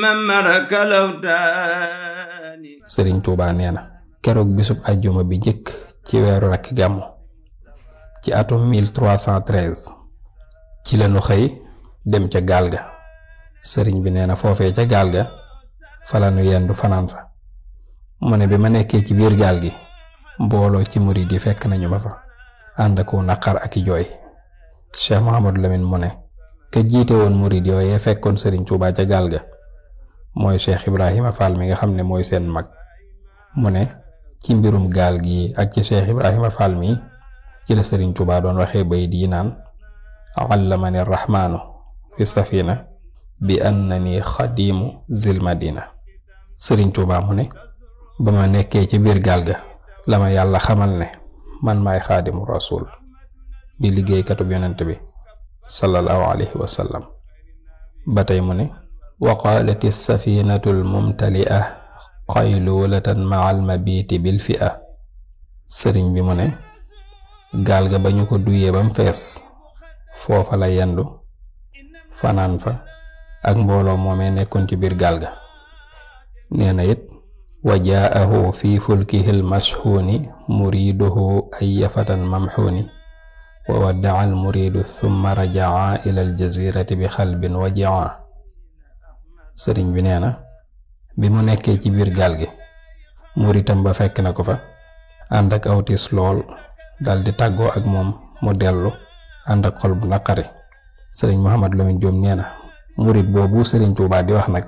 ma sëriñ Touba nee na keroog bisub ajjuma bi njëkk ci weeru rakk gàmmu ci atum 1313 ci lañu xëy dem ca gaal ga sëriñ bi nee na foofee ca gaal ga fa lañu yendu fanaan fa mu ne bi ma nekkee ci biir gaal gi mbooloo ci murid yi fekk nañu ba fa ànd ak naqar ak i jooy Cheikh Mouhamadou Lamine mu ne ka jiite woon murid yooyee fekkoon Serigne Touba ca gaal ga mooy Cheikh Ibrahima Fall mi nga xam ne mooy seen mag mu ne ci mbirum gaal gi ak ci Cheikh Ibrahima Fall mi ci la Serigne Touba doon waxee bay di naan allamani rahmaanu fi safina bi annani xadimu zil madina Serigne Touba mu ne ba ma nekkee ci biir gaal ga la ma yàlla xamal ne man maay xaadimu rasul liggéeykatu liggéeykatub yonent bi sallallahu alayhi wa sallam ba tey mu ne wa qaalat as-safinatu al-mumtali'a qaylulatan ma'al mabiti bi mu ne gaal ga ko duyee bam fees foofa la yendu fanaan fa ak mbooloo moomee nekkoon ci biir gaal ga nee fi fulkihi al muriduhu ay yafatan mamxuuni wa waddaca almuridu thumma rajaca ila aljazirati bi xalbin wajaa sëriñ bi nee na bi mu nekkee ci biir gaal gi muritam ba fekk na ko fa ànd ak awtis lool dal di tàggoo ak moom mu dellu ànd ak xol bu naqari sëriñ Muhammad Lamin Jóob nee na murit boobu sëriñ Tuubaa di wax nag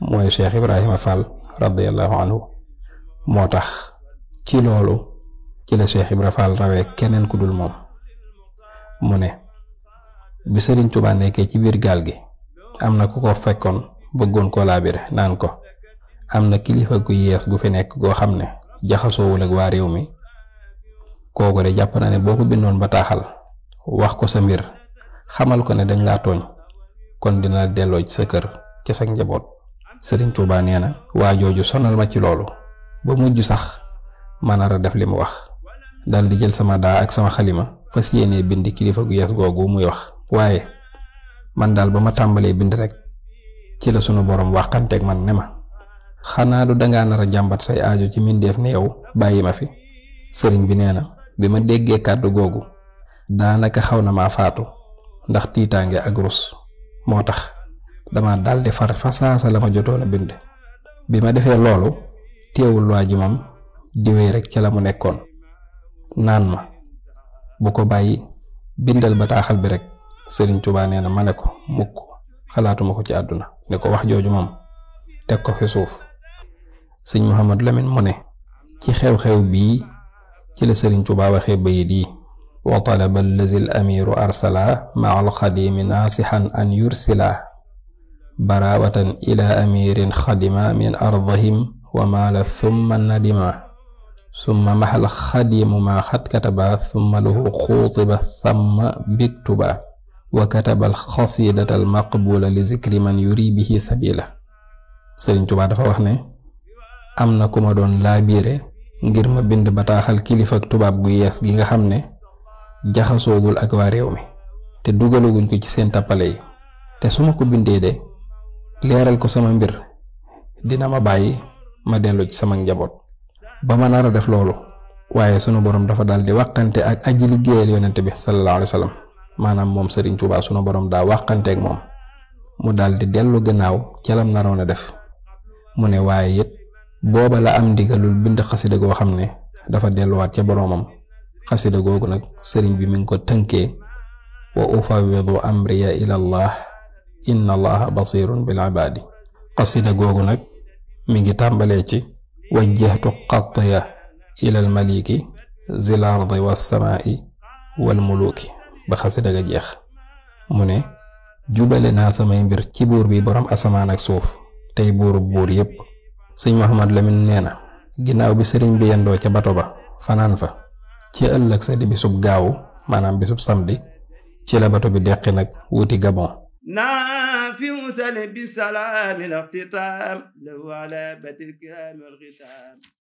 mooy Cheikh Ibrahima Fall moo tax ci loolu la Cheikh Ibrahima rawee keneen ku dul moom mu ne bi sëriñ Tuubaa nekkee ci biir gaal gi am na ku ko fekkoon bëggoon ko laabire naan ko am na kilifa gu yees gu fi nekk goo xam ne jaxasoowul ak waa réew mi kooku de jàpp na ne boo ko bindoon bataaxal wax ko sa mbir xamal ko ne dañ laa tooñ kon dina delloo ci sa kër ci sa njaboot sëriñ Tuubaa nee na waa jooju sonal ma ci loolu ba mujj sax ma nar def li mu wax dal di jël sama daa ak sama xalima fas yéene bind kilifa gu yees googu muy wax waaye man daal ba ma tàmbalee bind rek ci la sunu borom waxanteeg man ne ma xanaa du dangaa nar a jàmbat say aajo ci mindeef ne yow bàyyi ma fi sëriñ bi nee na bi ma déggee kàddu googu daanaka xaw faatu ndax tiitaange ak rus moo tax dama di far farfasa la ma jotoon a bind bi ma defee loolu teewul waa ji moom diwee rek ca la mu nekkoon naan ma bu ko bàyyi bindal bataaxal bi rek Serigne Touba ma ne ko mukk xalaatuma ko ci àdduna ne ko wax jooju moom teg ko fi suuf sëñ Mouhamadou Lamine mu ne ci xew-xew bi ci la Serigne Touba waxee bayit yi wa talaba allazi al amiru maa alxadimi naasixan an yursila barawatan ila amirin xadima min ardihim wa maala thumma nadima summa maxal xadimu maa xat kataba summa lahu xuutiba samma biktuba wa kataba alxasidata almaqbula li zikri man yuri bihi sabila Sëriñ Tuubaa dafa wax ne am na ku ma doon laabiire ngir ma bind bataaxal kilifa ak tubaab gu yees gi nga xam ne jaxasoogul ak waa réew mi te dugalaguñ ko ci seen tappale yi te su ma ko bindee de leeral ko sama mbir dina ma bàyyi ma dellu ci sama njaboot ba ma nar def loolu waaye sunu borom dafa daal di wàqante ak aji liggéeyal yonent bi sallallahu alayhi maanaam moom Serigne Touba sunu borom daa wàqante ak moom mu daal di dellu gannaaw ca lam naroon a def mu ne waaye it booba la am ndigalul bind xasida goo xam ne dafa delluwaat ca boroomam xasida googu nag sëriñ bi mi ngi ko tënkee wa ufawidu amriya ila allah inna allaha basirun bil ibaadi xasida googu nag mi ngi tàmbalee ci wajjahtu xattiya ilal maliki zil ardi wassamaa'i wal muluki ba xasida ga jeex mu ne jubale naa samay mbir ci buur bi borom asamaan ak suuf tey buurub buur yépp sëñ Muhammad Lamin nee na ginnaaw bi sëriñ bi yendoo ca bato ba fanaan fa ci ëllëg sa di bisub gaawu maanaam bisub samedi ci la bato bi deqi nag wuti Gabon نافي مسلم بالسلام الاختتام له على بدر الكرام والغتام